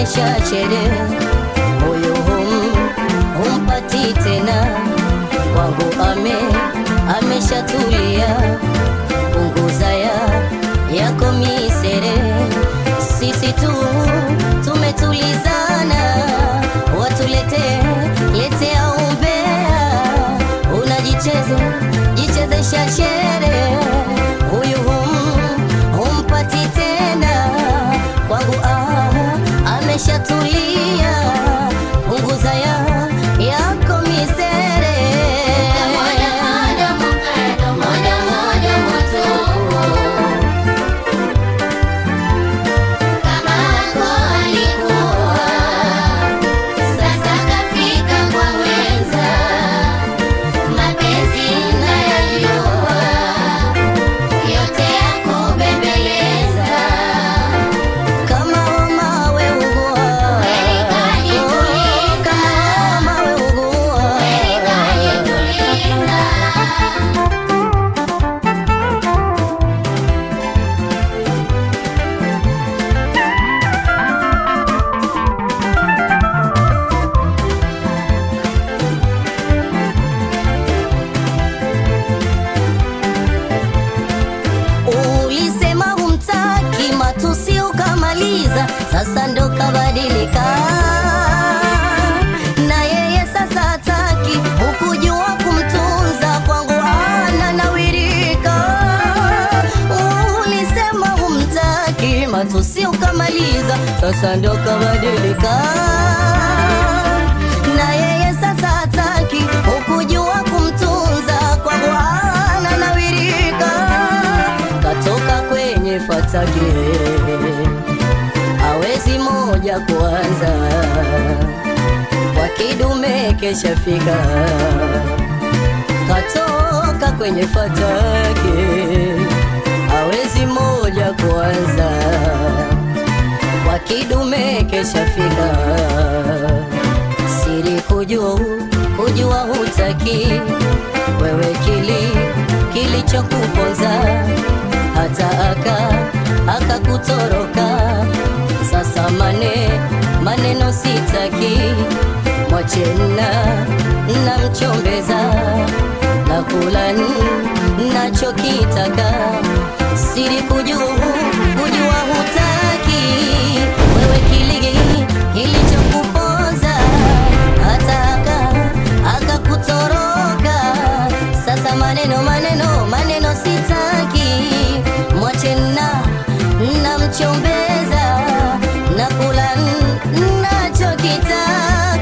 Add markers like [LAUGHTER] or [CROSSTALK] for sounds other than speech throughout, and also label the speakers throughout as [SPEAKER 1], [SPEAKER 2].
[SPEAKER 1] kuchezesha chelewa, moyo humu humpati tena, kwangu ame ameshatulia, punguza ya yako misere, sisi tu tumetulizana, watulete letea umbea, unajicheza sasa ndo kabadilika, na yeye sasa hataki ukujua kumtunza kwa Bwana na wirika, katoka kwenye fataki awezi moja kuanza wakidume kesha shafika katoka kwenye fataki awezi moja kuanza kidume keshafika. Siri kujua kujua hutaki wewe, kili kilichokupoza hata aka akakutoroka. Sasa mane maneno sitaki, mwache na mchombeza na kulani nachokitaka, siri kujua kujua hutaki nachombeza na kula nachokitaka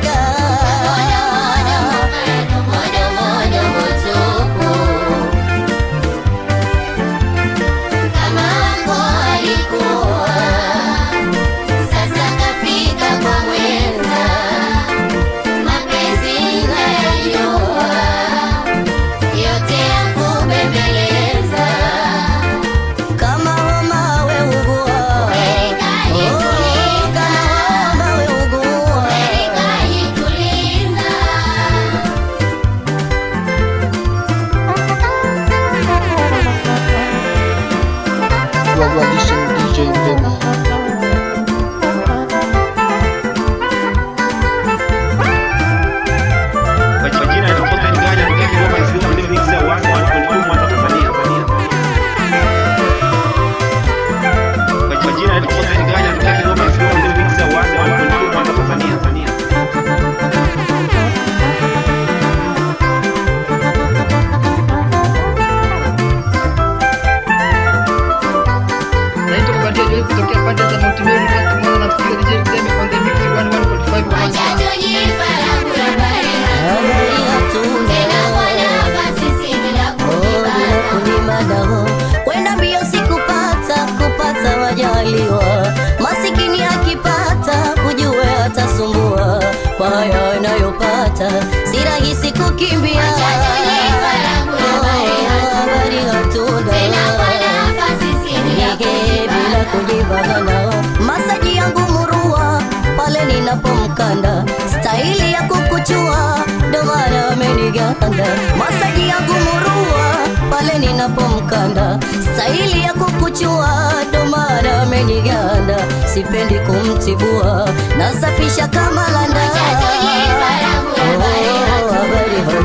[SPEAKER 1] nasafisha kama landa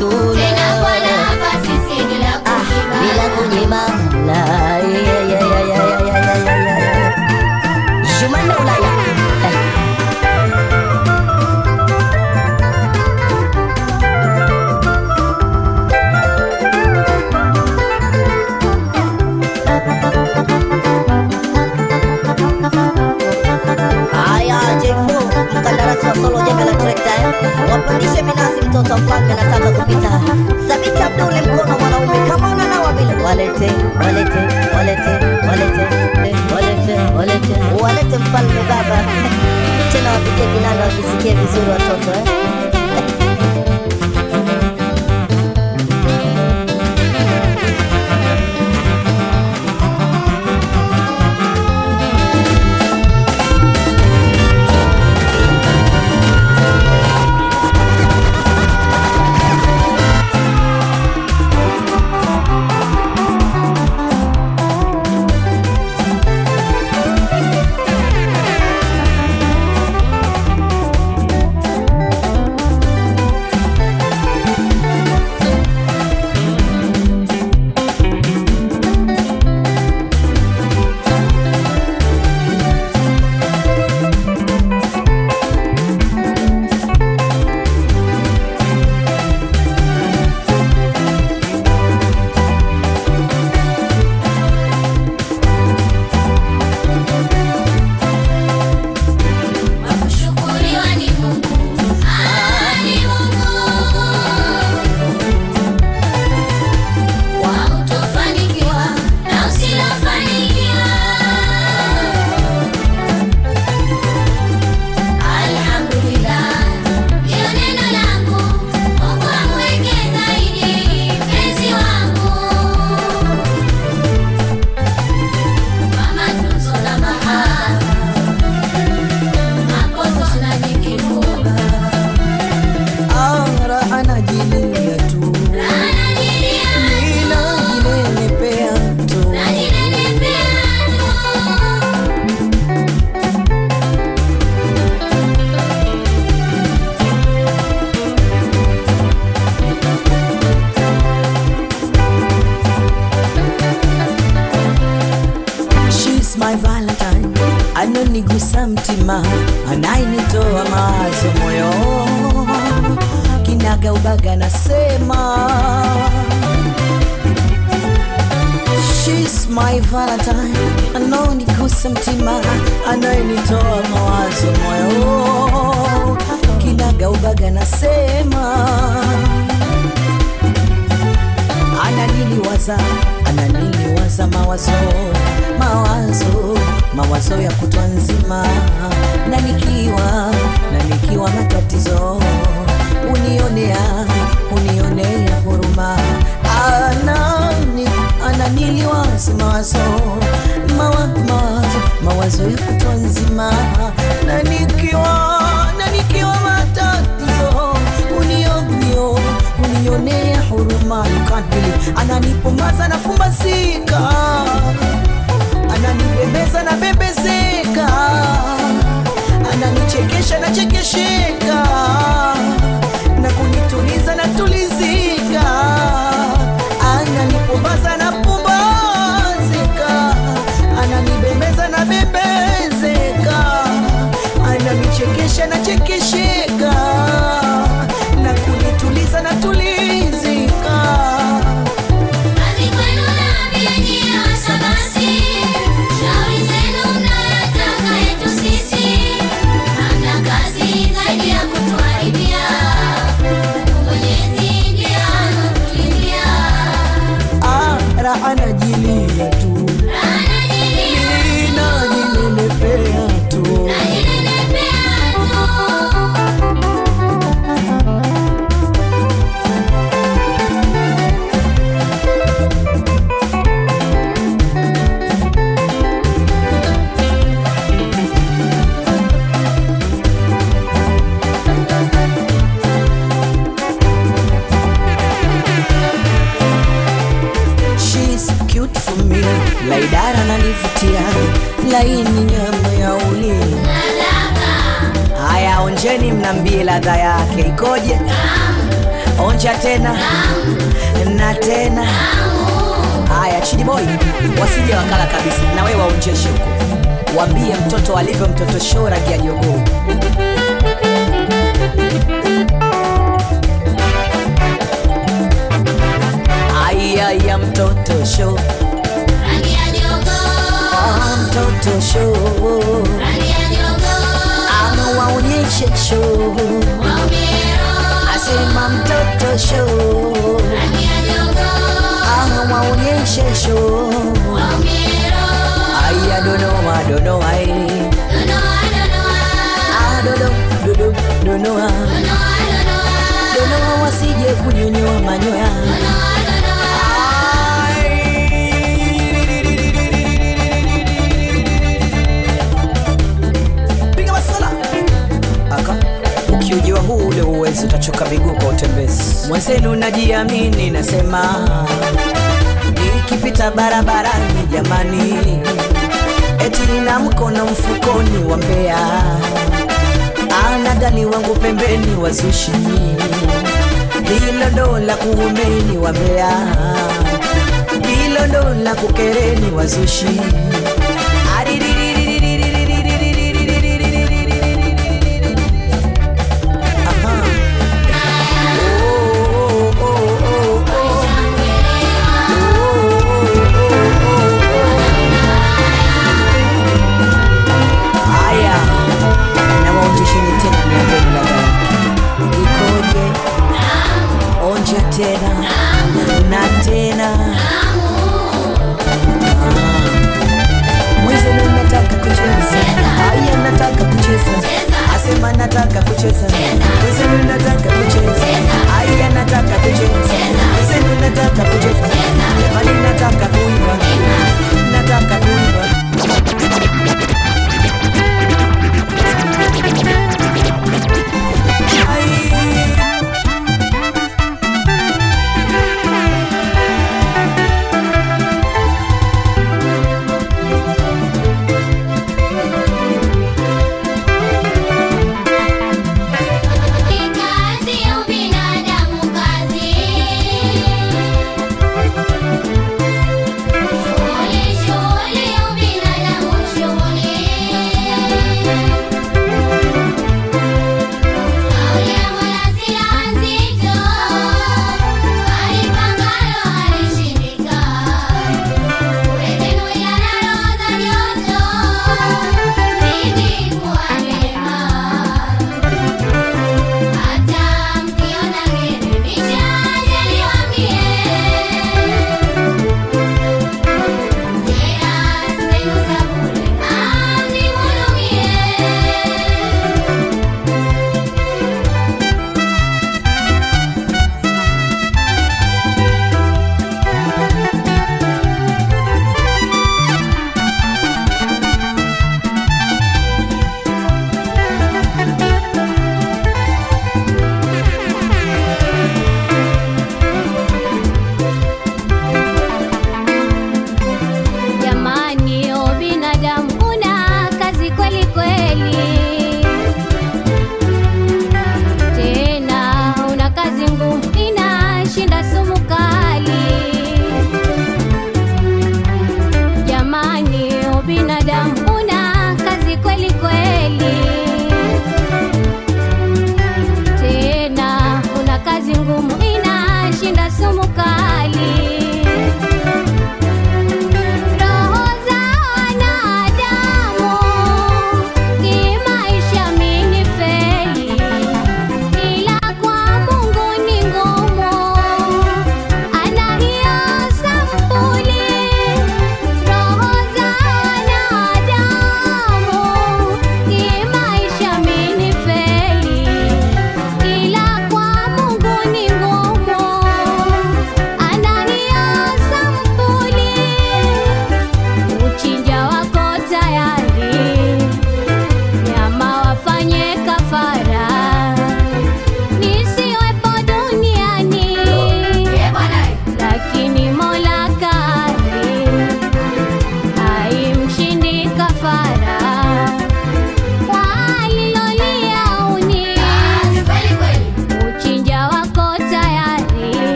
[SPEAKER 1] oh, oh, oh, wapandishe minazi, mtoto wa mfalme nataka kupita. Thabiti Abduli, mkono mwanaume kama una vile, walete walete walete walete walete walete walete, mfalme baba [LAUGHS] tena, wapige kinanda wakisikie vizuri watoto eh.
[SPEAKER 2] daima, anayenitoa mawazo moyo kinaga ubaga, nasema She's my Valentine, anaonigusa mtima, anayenitoa mawazo moyo kinaga ubaga, nasema ananiliwaza, ananiliwaza mawazo mawazo mawazo ya kutwa nzima, na nikiwa na nikiwa matatizo unionea unionea huruma. Anani ananiliwaza mawazo mawazo mawazo ya kutwa nzima, na nikiwa na nikiwa matatizo unionio unionea huruma. Nikadili ananipomaza na fumbasika ananibembeza na bembezeka, ananichekesha na chekesheka yake ikoje? Onja tena na tena. Haya, chini boy, wasije wakala kabisa, na wewe waonjeshe huko, waambie mtoto alivyo mtoto show rangi ya jogoo mtoto show, rangi ya mtoto show Foundation show. Asema mtoto show. Ana maonyesho show. I don't know, I don't know, I don't know, I don't know, I don't know, ukijua huu ule uwezi utachoka miguu kwa utembezi. Mwenzenu najiamini, nasema nikipita barabarani jamani, eti na mkono mfukoni wa mbea, anadani wangu pembeni wazushi hilo dola kuumeni wa mbea, hilo dola kukereni wazushi kucheza, asema nataka kucheza, useme unataka kucheza, aya nataka kucheza, useme unataka kucheza, jamani nataka kuimba, nataka kuimba Ay,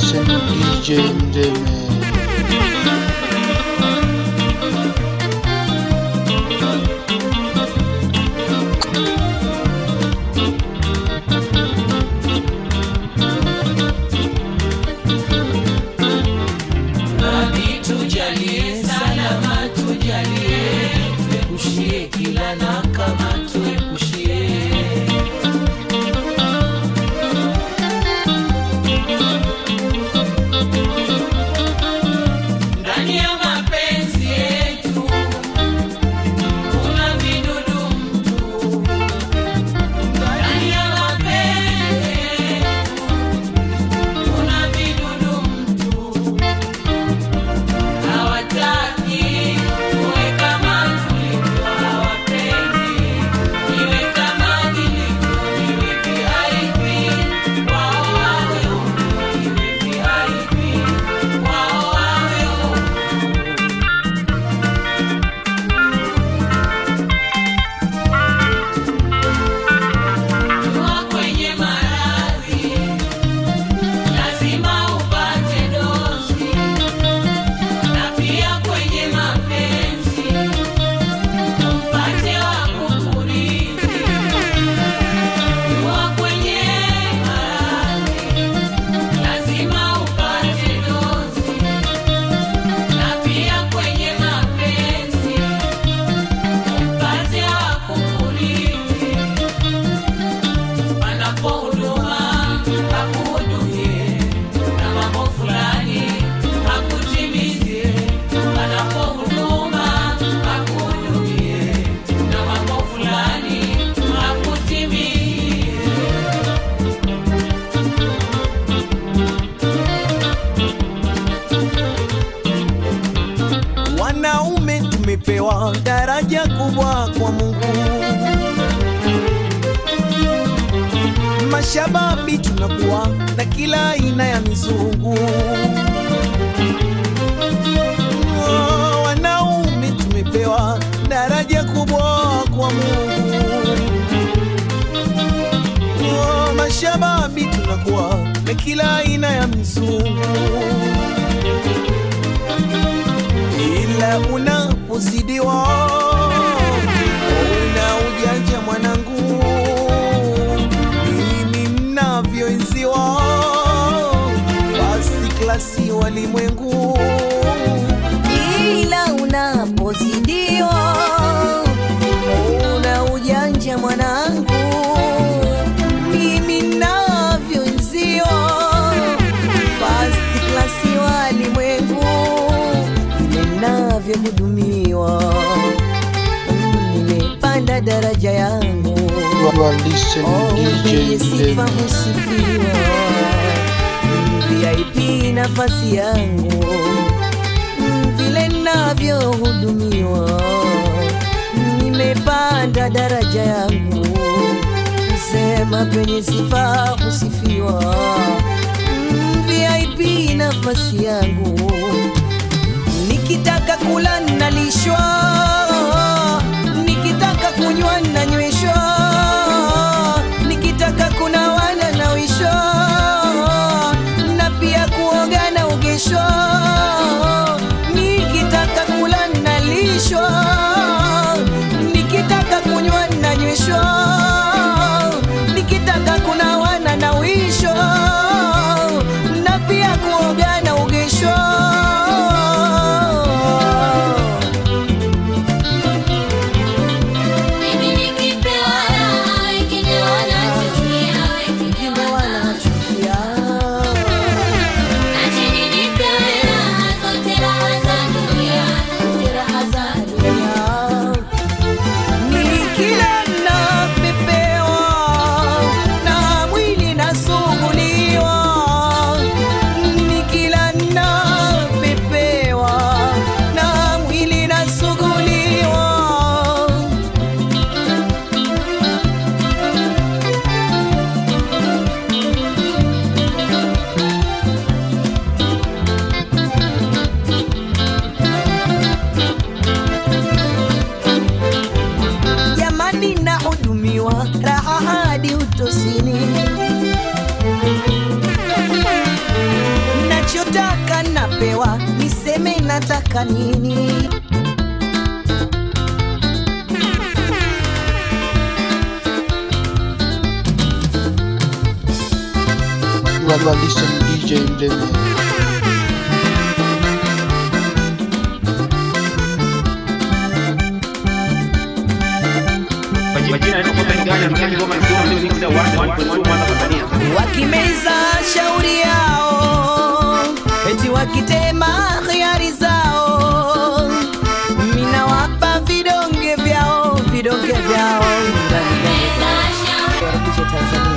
[SPEAKER 1] listen to DJ
[SPEAKER 2] kizungu wanaume tumepewa daraja kubwa kwa Mungu mashababi tunakuwa na kila aina ya mzungu, ila unapozidiwa walimwengu, ila unapozidiwa una ujanja mwanangu mimi walimwengu vyahudumiwa nimepanda daraja yangu,
[SPEAKER 1] oh, sifa
[SPEAKER 2] husifiwa. VIP nafasi yangu vile navyohudumiwa, nimepanda daraja yangu, sema penye sifa usifiwa. VIP nafasi yangu, nikitaka kula nalishwa, nikitaka kunywa nanywe Tanzania.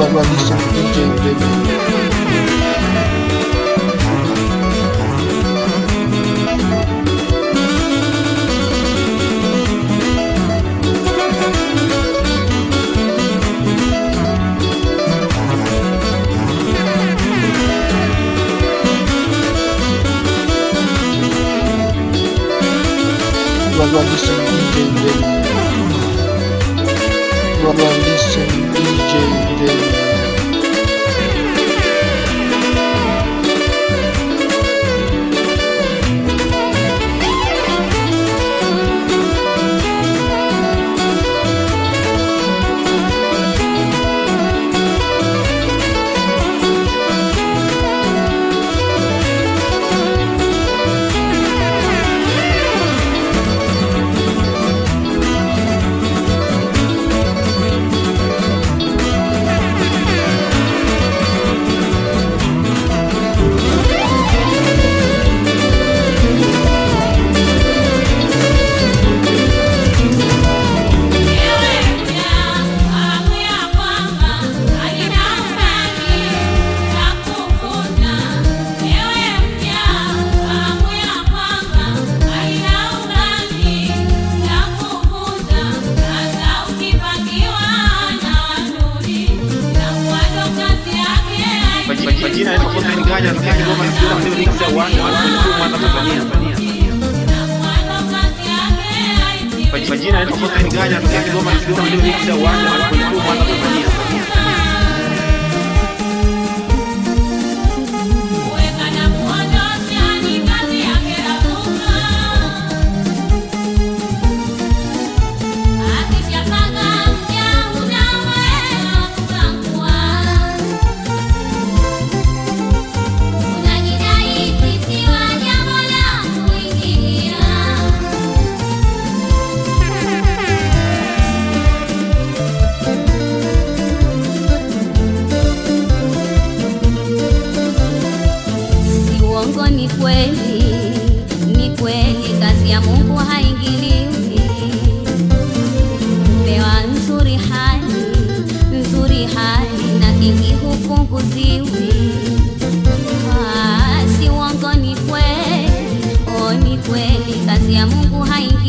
[SPEAKER 3] revolution, DJ, baby.
[SPEAKER 4] uongo ni kweli, ni kweli, kazi ya Mungu haingiliwi. Umewa nzuri hali nzuri hali na kingi hupunguziwi. Ah, Si uongo ni kweli, oh, ni kweli, kazi ya Mungu haingiliwi.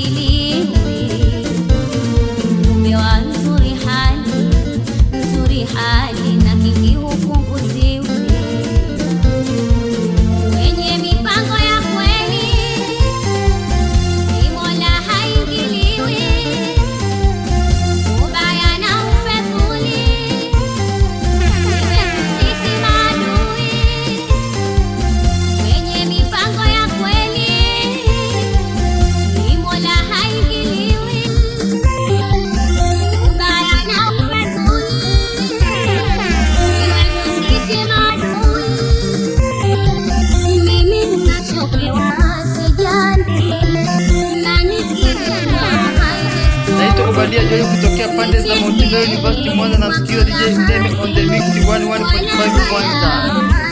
[SPEAKER 5] Mandela University more than
[SPEAKER 3] obscure DJ Udemy on the mix 101.5